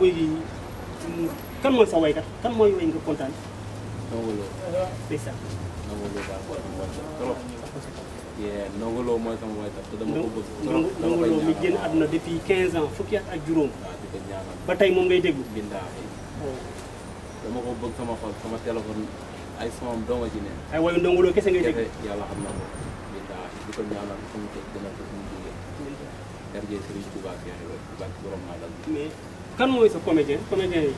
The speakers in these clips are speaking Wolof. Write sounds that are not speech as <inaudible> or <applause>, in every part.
boy bi kan mooy sa waykat kan mooy way nga kontaan. Ndongo Lo. ndeysaan. Ndongo Lo baax trop. Ndongo Lo mooy sama waykat te dama ko bëgg. trop Ndongo génn àdduna depuis 15 ans fukki ak juróom. ba tey moom ngay déglu. Oh. dama ko bëgg sama xol sama téléphone ay sonam doo nga ci ne. ay wayu Ndongo kese ngay déglu kan mooy sa comédien comédien yi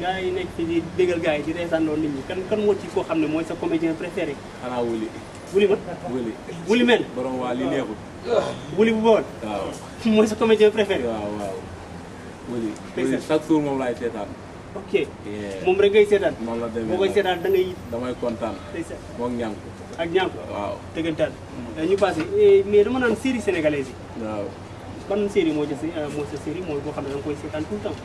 gars yi nekk fii di déggal gars yi di reetaanloo nit ñi kan kan moo ci koo xam ne mooy sa comédien préféré. xanaa wuli. wuli ma wuli. wuli men borom waa li neexul. Ah. wuli bu boobaa. waaw <laughs> mooy sa comédien préféré. waaw waaw wuli. wuli chaque jour moom laay seetaan. ok moom rek ngay seetaan. moom la demee boo koy seetaan da ngay. damay kontaan. moom ñànk ak ñànk. waaw dëggantaan. Eh, ñu passé eh, mais dama naan série sénégalaise yi. waaw. ban série moo ci euh, moo sa série mooy boo xam ne da nga koy seetaan tout le temps.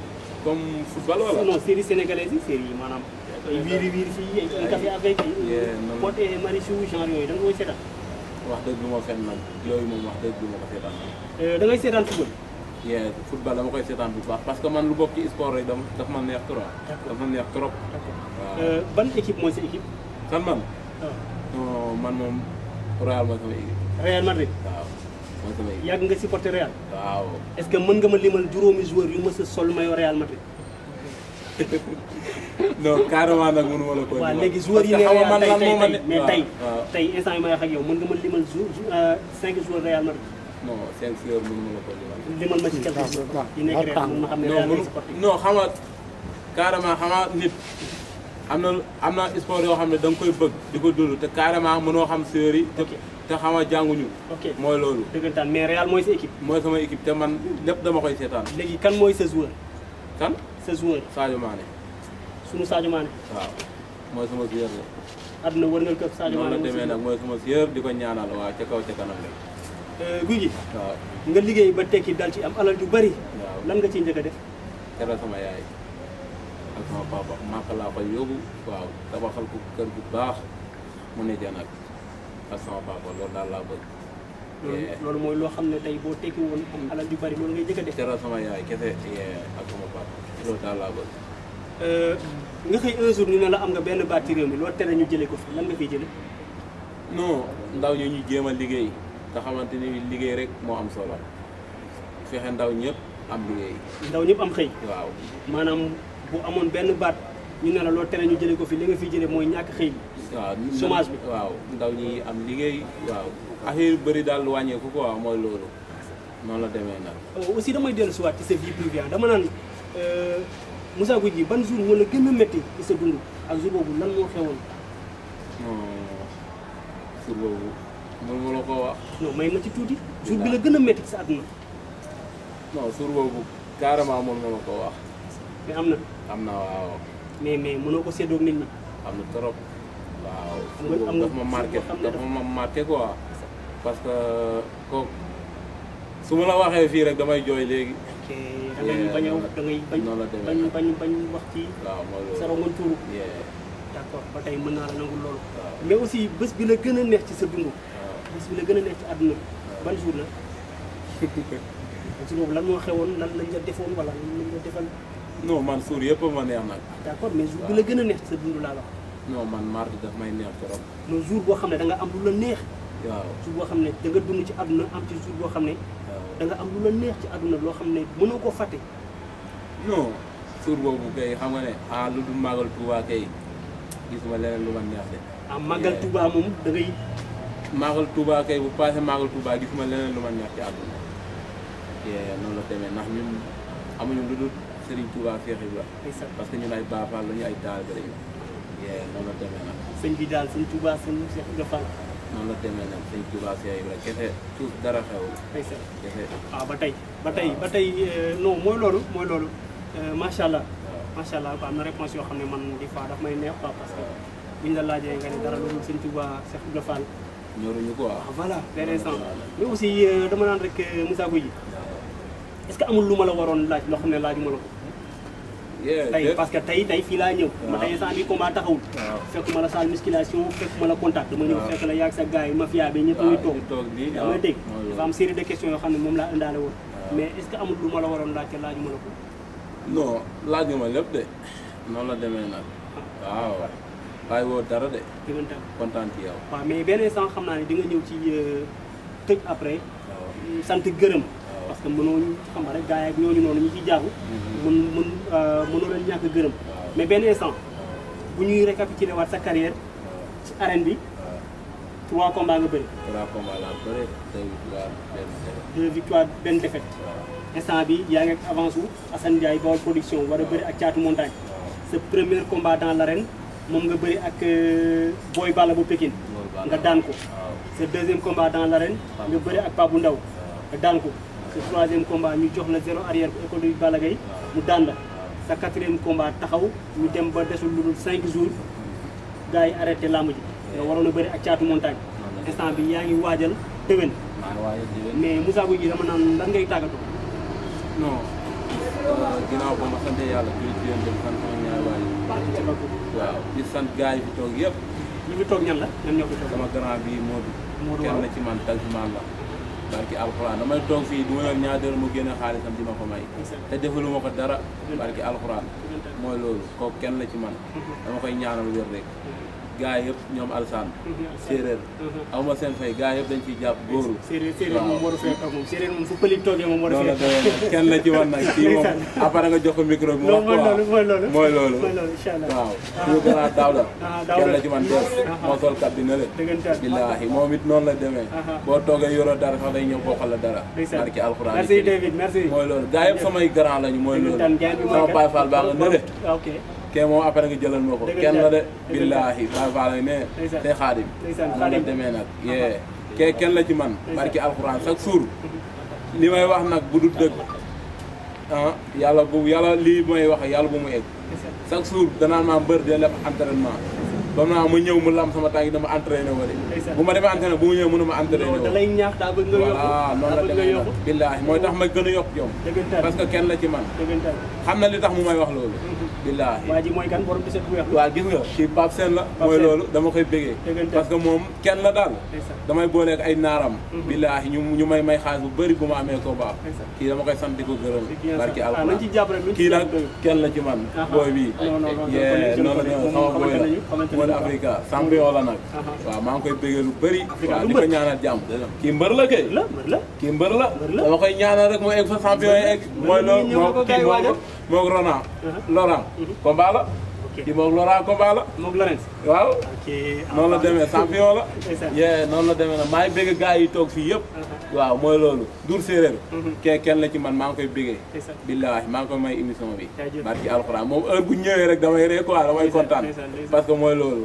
comme football wala. non série sénégalaise yi série yi maanaam. wiiri wiiri fii un café avec. Euh, Pod et Marichou genre yooyu da nga koy seetaan. wax dëgg lu ma fen nag yooyu moom wax dëgg lu ma ko seetaan. Euh, da ngay seetaan football. yeah football koy seetaan bu baax parce que man lu bokk ci sport rek daf ma neex trop. daf ma neex trop. waaw ban équipe mooy sa équipe. kan man. Ah. non man moom Real mooy sama équipe. Real Madrid yàgg nga supporter Real. waaw est-ce que mën nga ma limal juróomi joueur yu mës sol maillot Real Madrid. <laughs> non carrément nag mënu ma la ko. léegi joueur yi ne Real tey ak yow mën nga ma limal jou euh, cinq joueurs Real Madrid. non cinq joueurs mënu ma la ko limal. yi nekk Real mën ma xam ne Real lay supporter. na am na sport yoo xam ne da nga koy bëgg di ko dund te carrément mënoo xam joueurs te. te xam nga jànguñu. ok mooy loolu. dëggantaan mais Real mooy sa équipe. mooy sama équipe te man lépp dama koy seetaan. léegi kan mooy sa joueur. kan sa joueur. Sadio Mané. sunu waaw mooy sama joueur la. àdduna wërngal këpp Sadio Mané noonu la nag mooy sama joueur di ko ñaanal waa ca kaw ca kanam euh, guy gi. waaw nga liggéey ba tekki dal ci am alal ju bari. waaw lan nga ci njëkk a def. teral sama yaay ak sama papa maa laa koy yóbbu waaw tabaxal ko kër bu baax mu ne janaat. ak sama papa loolu daal laa bëgg. loolu mooy loo xam ne tey boo tekki woon am alal yu bari loolu ngay jëkk a def. teral sama yaay kese ak sama papa loolu daal laa bëgg. Euh, nga xëy un jour ñu la am nga benn baat ci réew mi loolu tere ñu jëlee ko fi lan nga fiy jëlee. non ndaw ñi ñu jéem a liggéey nga xamante ni liggéey rek moo am solo fexe ndaw ñëpp am liggéey. ndaw ñëpp am xëy. waaw maanaam bu amoon benn baat. ñu ne la tere ñu jëlee ko fi li nga fi jëlee mooy ñàkk xëy bi waaw waaw ndaw ñi am liggéey waaw affaire yu bari daal wàññeeku ko waaw mooy loolu noonu la demee nag euh, aussi damay dellu siwaat ci sa vie privée dama naan euh, Moussa Gouye ban jour moo la gën ci sa dund ak jour boobu lan moo xewoon jour boobu mën la ko wax may ma ci tuuti jour bi la gën a métti ci sa àdduna non boobu carrément mën la ko wax mais am na am na waaw mais mais mënoo ko séddoog nit ñi. am na trop waaw. am na dafa ma marqué dafa ma marqué quoi. parce que kooku su ma la waxee fii rek damay jooy léegi. ok da ngay bañ a da ngay bañ bañ bañ bañ wax ci. waaw mooy loolu sa rongoñ tuuru. d' accord ba tey mën naa la nangul loolu. mais aussi bés bi la gën a neex ci sa dund. bés bi la gën a neex ci àdduna ban jour la. <laughs> bés boobu lan moo xewoon lan lañ la defoon wala lan lañ defal. non man suur yëpp ma neex nag. d'accord mais jour bi la gën a neex sa dund laa la wax. non man mardi daf may neex trop. non jour boo xam ne da nga am lu la neex. waaw jour boo xam ne da nga ci àdduna am ci jour ne. da am lu la neex ci àdduna loo xam ne mënoo koo fàtte. non suur boobu kay xam nga ne ah lu du màggal Touba kay gisuma lu ma neex de. Ah, màggal Touba moom da ngay. màggal Touba kay bu passé màggal Touba gisuma leneen lu ma neex ci àdduna. noonu la demee ndax ñun amuñu lu dul. Serigne Touba Cheikh Ibrahima. parce que ñun ay baafaal la ñu ay taal bi lañu. noonu la demee nag. sëñ bi daal sëñ Touba sëñ Cheikh Ibrahima. noonu la demee ah, ba tey ba tey ah. ba tey euh, non loolu mooy loolu euh, macha allah. Ah. macha allah yoo xam ne man di fois daf may neex quoi parce la laajee nga dara loolu sëñ Touba Cheikh Ibrahima. ñoruñu quoi. ah voilà c'est intéressant mais aussi euh, dama naan rek que amul lu ma la waroon laaj loo xam ne laajuma la ko. tey parce que tey tey fii laa ñëw ma tey instant bi combat taxawul fekk ma la salle musculation fekk ma la contact dama ñëw fekk la yaag sa gars yi mafia bi ñëpp ñuy toog dama dégg dafa am série de questions yoo xam ne moom laa ma la waroon laajte lépp de noonu la demee nag waaw waaye woo dara de dëggantaan kontaan ci yow waaw mais benn instant xam naa ne di nga ñëw ci euh, tëj après mm, sant gërëm parce que mënoo xam nga rek gars yi ak ñooñu noonu ñu ci jaaru mën mm-hmm. mën Euh, mënoo leen ñàkk gërëm mais ben instant bu ñuy récapituler waat sa carrière ci arène bi trois combats nga bëri. trois combats la bëri deux victoires ben défaite. deux victoires benn défaite instant bi yaa ngi ak avance wu Assane Ndiaye Baol production war a bëri ak Caatu Montagne ce premier combat dans l'arène moom nga bëri ak euh, Boy Balla bu Pékin nga daan ko deuxième combat dans l'arène nga bëri ak Pape Ndaw nga daan troisième combat ñu jox la zéro arrière bu école bi Balla Gaye mu daan sa quatrième combat taxaw ñu dem ba desul lu dul cinq jours gars yi arrêté làmb ji nga waroon a bëri ak caatu montagne instant bi yaa ngi waajal déwén mais Moussa Gouye Gui dama naan lan ngay tàggatoo non euh, ginnaaw ba ma sant yàlla juli ci yéen dem sant sama yi fi toog yëpp ñi fi toog ñan la ñan ñoo fi toog sama grand bi moo bi kenn na ci man dal man la barki alxuraan damay toog fii du ma yor ñaar dërëm mu génne xaalisam di ma ko may te defalu ma ko dara barki alxuraan mooy loolu kooku kenn la ci man dama koy ñaanal wér rek gaa yëpp ñoom alsaan mhm. séeréer mhm. awma seen fay gaa yëpp dañ ciy jàpp góoru séeréer séeréer moom war a a fee kenn la ci wan nag kii moom après nga jox ko micro bi loolu waaw suñu ah. gannaaw ah, daaw la kenn la ci man dees moo solkat bi na le billaahi moom it noonu la demee boo toogee yoroo dara sax day ñëw bokkal la dara barki alxuraan merci mooy loolu gaa yëpp samay grand lañu mooy loolu sama baay faal baa nga na le kee moom après nga jëlal ma ko kenn la de billaahi baay faal ngi ne te xaadim noonu la demee nag yee kenn la ci man barki alxuraan chaque jour li may wax nag bu dul dëgg ah yàlla bu yàlla lii may wax yàlla bu mu egg chaque jour danaan maa mbër de lépp entraînement ba naa ma ñëw mu lam sama tànk dama entraîné wu de bu ma demee entraîné bu mu ñëw mënu ma entraîné wu noonu la demee nag billaahi mooy tax ma gën a yokk jom parce que kenn la ci man xam na li tax mu may wax loolu mm. billaahi waa ji gis nga kii Pape Sène la. mooy loolu dama koy bégee. parce que moom kenn la daal. damay booleeg ay naaram. Mhm. billaahi ñu may may xaalis bu bëri bu ma amee ko baax. kii dama koy sant di ko gërëm. barki ah, alxuraan kii nag kenn la ci man. booy bii. yee noonu la sama booy la. moo Africa champion la nag. waaw maa ngi koy bégee lu bëri. waaw di ko ñaanal jàmm. kii mbër la kay. kii mbër la. dama koy ñaanal rek mu egg fa champion egg. mooy loolu moo kii moog Ronan. Uh-huh. Laurent. Uh-huh. combat la. ok di moog Laurent combat la. moog Laurent. waaw. ok la demee champion la. yee noonu la demee nag maa ngi bëgg yi toog fii yëpp. Uh-huh. waaw mooy loolu Dour Séeréer. kee kenn la ci man maa ngi koy bëggee. billaahi maa ngi koy may émission bi. barki alxuraan moom heure bu ñëwee rek damay ree quoi damay kontaan. parce que mooy loolu.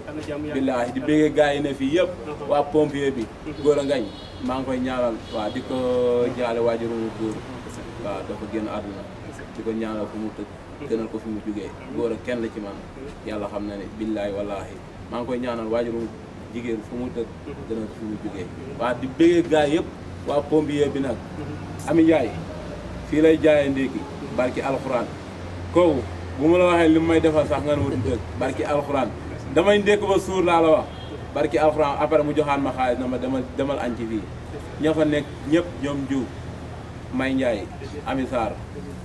billaahi di bëggee gars yi ne fii yëpp. waa pompier bi. góor a ngañ maa ngi koy ñaanal waaw di ko jaale waajuru góor waaw dafa génn àdduna di ko ñaanal fu mu tëgg gënal ko fu mu jugee góor kenn la ci man yàlla xam na ne billaay wallahi maa ngi koy ñaanal waajurum jigéen fu mu tëgg gënal ko fi mu jugee waa di bëggee gaay yëpp waa pompier bi nag ami Njaay fii lay jaayee ndéki barki alxuraan kooku bu ma la waxee li may defal sax nga ne wutum dëgg barki alxuraan damay ndékk ba suur laa la wax barki alxuraan après mu joxaan ma xaalis na ma demal demal añ ci fii ña fa nekk ñëpp ñoom jiw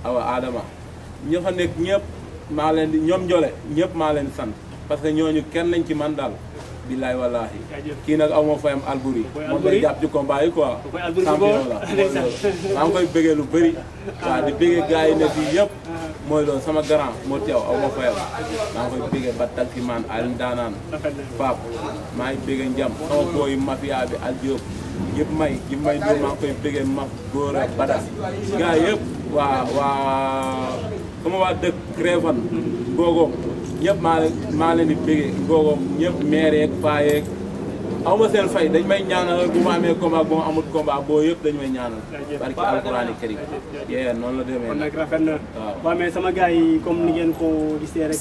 awa Adama ñi fa nekk ñëpp maa leen di ñoom Ndiolé ñëpp maa leen sant parce que ñooñu kenn lañ ci man daal. billaay wallaahi kii nag aw ma fayam Alboury moom lay jàpp ci combat yi quoi champion la maa koy bëggee lu bëri waaw di bëggee gars yi ne yëpp mooy loolu sama grand moo teew aw ma fayam maa ngi koy bëggee ba takki maan Alioune Daanaan maa ngi bëggee njam sama booy mafia bi Al yëpp may yëpp may ñoom maa ngi koy bëggee mag góor a bada gars yëpp waa waa sama waa dëkk Réfane Ngogom ñëpp maa leen maa leen di bëggee Ngogom ñëpp maire yeeg aw ma seen fay dañ may ñaanal bu ma amee combat amut combat yëpp dañ may ñaanal. noonu la demee. kon rafet na waaw sama gars yi comme ni ngeen ko gisee ah,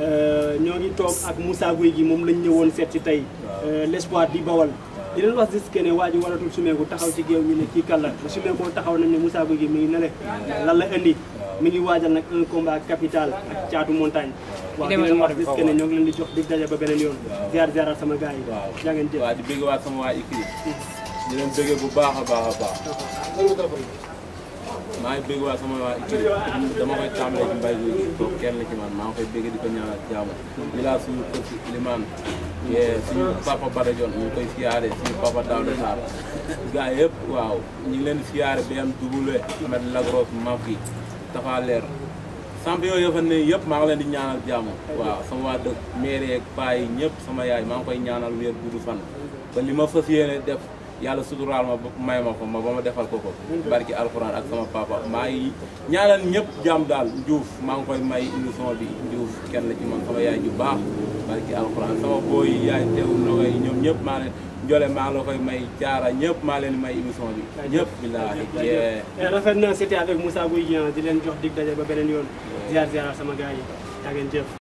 euh, ñoo ngi toog ak Moussa Gueye gi moom lañ ñëwoon seet si tey. Euh, l'espoir di bawal. li leen wax gis que ne waa ji waratul sumeeku taxaw ci géew ñu ne kii kan la bu sumeekoo taxaw nañ ne Moussa Gouye Gui mi ngi nele lan la indi mi ngi waajal nag un combat capital ak caatu montagne waaw di leen wax gis que ne ñoo ngi leen di jox dig daje yoon ziar ziaral sama gars yi jaa ngeen jëf waaw bëgg waa sama waa ikri di leen bëgg bu baax a baax a baax maa ngi bëgg waa sama waa ikri dama koy tàmbalee ci mbay mi kenn ci man maa ngi koy bëgg di ko ñaanal jaamu li laa suñu kër ci limaan yee suñu papa Badajon ñu ngi koy siyaare suñu papa Daouda Sarr gars yëpp waaw ñu ngi leen siyaare BMW Ahmed Lagros Mafi Tafa Leer champion yoo xam ne yëpp maa ngi leen di ñaanal jàmm waaw sama waa dëkk mairie ak ñëpp sama yaay maa ngi koy ñaanal wér gudd fan ba li ma fas yéene def yàlla suturaal ma may ma ko ma ba ma defal ko ko barki alxuraan ak sama papa maa ngi ñaanal ñëpp jàmm daal Diouf maa ngi koy may émission bi Diouf kenn la ci man sama yaay ju baax barki alxuraan sama booy yi yaay teew ndogoy ñoom ñëpp maa leen Njole koy may jaara ñëpp maa leen may émission bi. ñëpp billaahi jee eh, rafet na c'était avec Moussa Gueye di leen jox dig daje ba beneen yoon. ziar ziaral sama gars yi jëf.